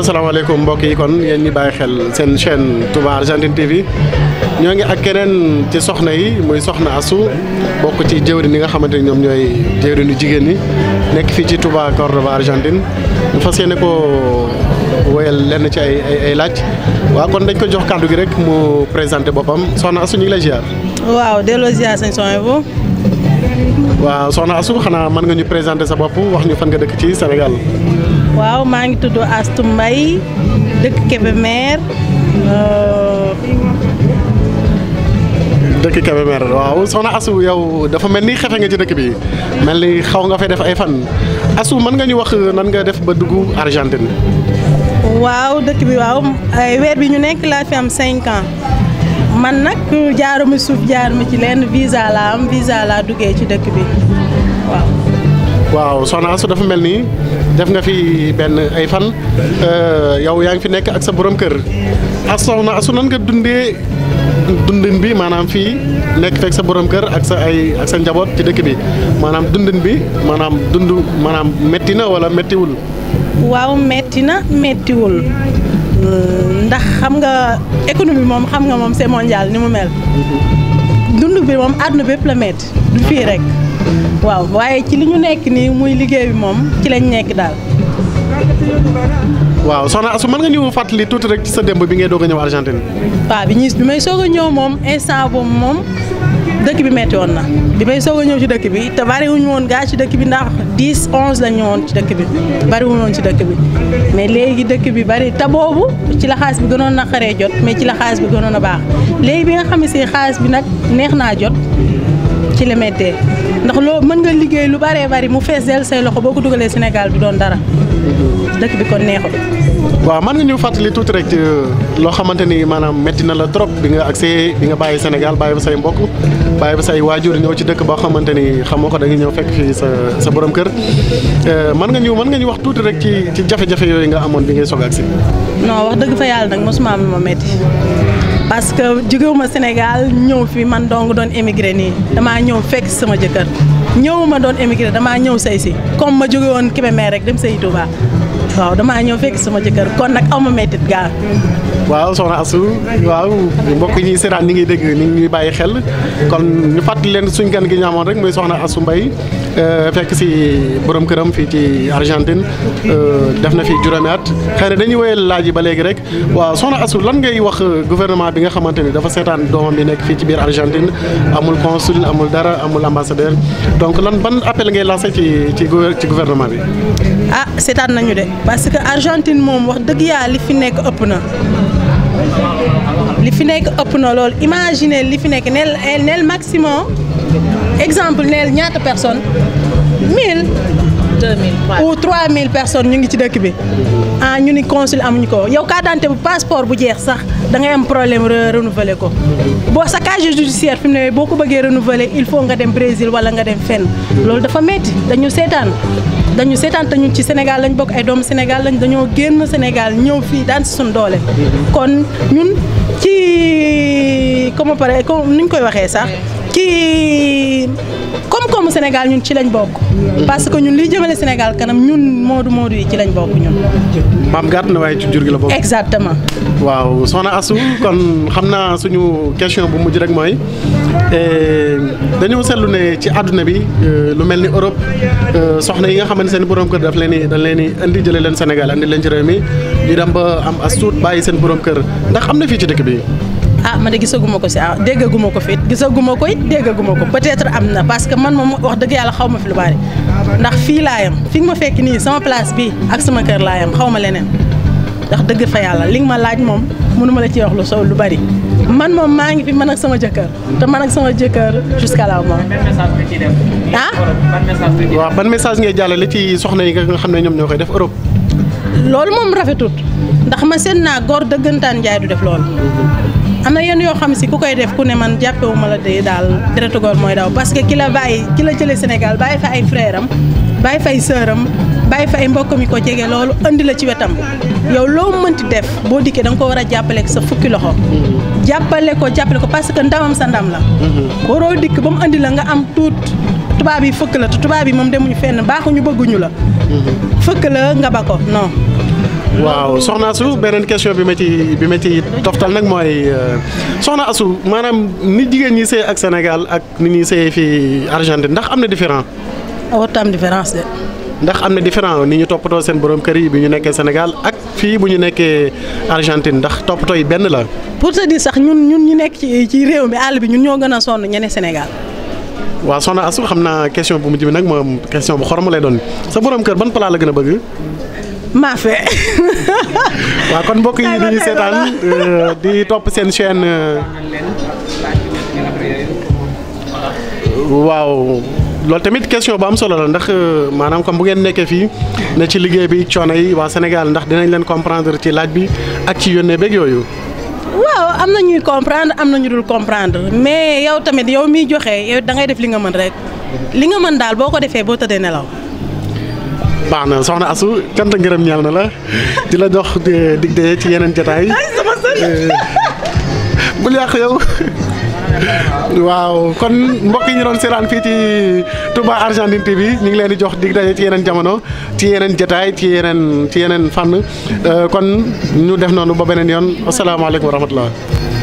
asalaamaaleykum mbokk yi kon yéen yi bàyyi xel seen chaîne Touba Argentine TV ñoo ngi ak keneen ci soxna yi muy soxna Asu bokk ci jëwriñ yi nga xamante ni ñoom ñooy jëwriñu jigéen ñi nekk fii ci Touba Cordoba Argentine ñu fas yéene ko woyal lenn ci ay ay laaj waaw kon dañ ko jox kàddu gi rek mu présenté boppam soxna Asu ñu ngi lay ziar. waaw delloo ziar sëñ Sonia waaw soxna Astou xanaa mën nga ñu présenté sa bopp wax ñu fan nga dëkk ci Sénégal. waaw maa ngi tudd Astou Mbaye dëkk Kébémer. Euh, dëkk Kébémer waaw soxna Astou yow dafa mel ni xefe nga ci dëkk bi mel ni xaw nga fay def ay fan Astou mën nga ñu wax nan nga def ba dugg Argentine. waaw dëkk bi waaw weer bi ñu nekk laa fi am 5 ans. man nag jaaruma suuf jaaruma ci leen visa laa am visa laa duggee ci dëkk bi waaw. waaw soxna su dafa mel ni def nga fi benn ay fan euh, yow yaa ngi fi nekk ak sa boroom kër as ah, soxna asu nan nga dundee dundin bi maanaam fii nekk fekk sa borom kër ak sa ay sa njaboot ci dëkk bi maanaam dundin bi maanaam dund maanaam metti na wala mettiwul. waaw metti na mettiwul. ndax xam nga économie moom xam nga moom c'est mondial ni mu mel dund bi moom àdduna bépp la metti du fii rek waaw waaye ci li ñu nekk nii muy liggéey bi moom ci lañ nekk daal waaw soxna Asou mën nga ñëw fàttali tuuti rek ci sa démb bi ngay doog a ñëw Argentine. waaw bi ñuy bi may soog a ñëw moom instant boobu moom dëkk bi metti woon na bi may soog a ñëw ci dëkk bi te bariwuñu woon gaa ci dëkk bi ndax 10 11 la ñu woon ci dëkk bi bariwuñu woon ci dëkk bi mais léegi dëkk bi bari te boobu ci la xaalis bi gënoon na xaree jot mais ci la xaalis bi gënoon a baax léegi bi nga xam si xaalis bi nag neex naa jot ci la méttee ndax loo mën nga liggéey lu baree bari mu fees dell say loxo boo ko dugalee Sénégal du doon dara dëkk bi kon neexul. waaw mën nga ñëw fàttali tuuti rek euh, loo xamante ni maanaam métti na la trop bi nga accès bi nga bàyyi Sénégal bàyyi ba say mbokk bàyyi ba say waajur ñëw ci dëkk boo xamante ni xamoo ko da ñëw fekk fii sa sa borom kër euh, mën nga ñëw mën nga ñu wax tuuti rek ci ci jafe-jafe yooyu nga amoon bi ngay soog accès. non wax dëgg fa yàlla parce que jógewuma Sénégal ñëw fi man dong doon émigré nii damaa ñëw fekk sama jëkkër ñëwuma doon émigré damaa ñëw say si comme ma jóge woon Kébémer rek dem say Touba waaw damaa ñëw fekk sama jëkkër kon nag aw ma méttit gaa waaw soxna Astou waaw mbokk ñi seetaan ni ngi dégg ni ñuy bàyyi xel kon ñu fàttali leen suñ gan gi ñu amoon rek mooy soxna Astou Mbaye euh, fekk si borom këram fii ci Argentine euh, def na fi juróomi at xëy dañuy woyal laaj yi ba léegi rek waaw soxna Astou lan ngay wax euh, gouvernement bi nga xamante ni dafa seetaan doomam bi nekk fii ci biir Argentine amul consul amul dara amul ambassadeur donc lan ban appel ngay lancé ci ci gouvernement bi ah seetaan nañu de parce que Argentine moom wax dëgg yaa li fi nekk ëpp na li fi nekk ëpp na loolu imaginer li fi nekk neel neel maximum exemple neel ñaata personne mille ou mille personne ñu ngi ci dëkk bi ah ñu ni consul amuñu ko yow carte d'identité bu passeport bu jeex sax da ngay am problème renouveler ko boo sa casier judiciaire fi mu ne boo ko bëggee renouveler il faut nga dem Brésil wala nga dem fenn loolu dafa metti dañu seetaan dañu seetaan te ñun ci Sénégal lañ bokk ay doomu Sénégal lañ dañoo génn Sénégal ñëw fii daan si suñ doole kon ñun ci comment pare comme ñu koy waxee sax ci kom koomu Sénégal ñun ci lañ bokk. parce que ñun liy jëmale Sénégal kanam ñun moodu moodu yi ci lañ bokk ñun. maam gàtt na waaye ci jur gi la bokk. exactement. waaw soxna Asou kon xam naa suñu question bu mujj rek mooy eh, dañoo seetlu ne ci àdduna bi eh, lu mel ni Europe eh, soxna yi nga xamante seen borom kër daf leen di dañ leen di indi jëlee leen Sénégal indi leen ci réew mi di dem ba am as tuut bàyyi seen borom kër ndax am na fii ci dëkk bi. ah ma gisaguma ko si ah déggaguma ko fi gisaguma ko it déggaguma ko peut-être am na parce que man moom wax dëgg yàlla xaw ma fi lu bari ndax fii laayam fi ma fekk nii sama place bi ak sama kër laayam xaw ma leneen ndax dëgg fa yàlla li nga ma laaj moom mënuma la ci wax lu sow lu bari man moom maa ngi fi man ak sama jëkkër te man ak sama jëkkër jusqu'à la mort. ah. waaw ban message ngay jàllale ci soxna yi nga xam ne ñoom ñoo koy def Europe. loolu moom ndax ma seen naa góor dëggantaan njaay du def loolu am na yenn yoo xam si ku koy def ku ne man jàppewuma la de daal deretu góor mooy daw parce que ki la bàyyi ki la jëlee Sénégal bàyyi fa ay frère am bàyyi fa ay sœur am bàyyi fa ay mbokk mi ko jege loolu andi la ci wetam yow loo mënti def boo dikkee da nga ko war a jàppale ak sa fukki loxo jàppale ko jàppale ko parce que ndamam sa ndam la waroo dikk ba mu andi la nga am tuut tubaab yi fëkk la te tubaab yi moom demuñu fenn baaxuñu bëgguñu la la nga ba ko waaw soxna Asou beneen question bi ma ci bi ma ci toftal nag mooy euh, soxna Asou maanaam ni jigéen ñi sëy ak Sénégal ak ni ñuy sëy fii Argentine ndax am na différence. warut oh, am différence de. ndax am na différence ni ñu toppatoo seen borom kër yi bi ñu nekkee Sénégal ak fii bu ñu nekkee Argentine ndax toppatoo yi benn la. pour te dire sax ñun ñun ñu nekk ci ci réew mi àll bi ñun ñoo gën a sonn ñeneen Sénégal. waaw soxna Asou xam naa question bu mujj bi nag moom question bu xorom lay doon sa borom kër ban plat la gën a bëgg. maafe waaw kon mbokk yi ñu seetaan euh, di topp seen chaîne euh, waaw loolu tamit question bu am solo la ndax euh, maanaam comme bu ngeen nekkee fii ne ci liggéey bi coono yi waa Sénégal ndax dinañ leen comprendre ci laaj bi ak ci yónnee beeg yooyu. waaw am na ñuy comprendre am na ñu dul comprendre mais yow tamit yow miy joxe dangay def li nga mën rek li nga mën daal boo ko defee boo tëddee nelaw. baax na soxna Asu cant ngërëm ñeel na la ci la jox dig daje ci yeneen jataay bu yàq yow waaw kon mbokki yi ñu doon seetaan fii ci Touba Argentine TV ñu ngi leen di jox dig daje ci yeneen jamono ci yeneen jataay ci yeneen ci yeneen fànn euh, kon ñu def noonu ba beneen yoon asalaamaaleykum wa rahmatullah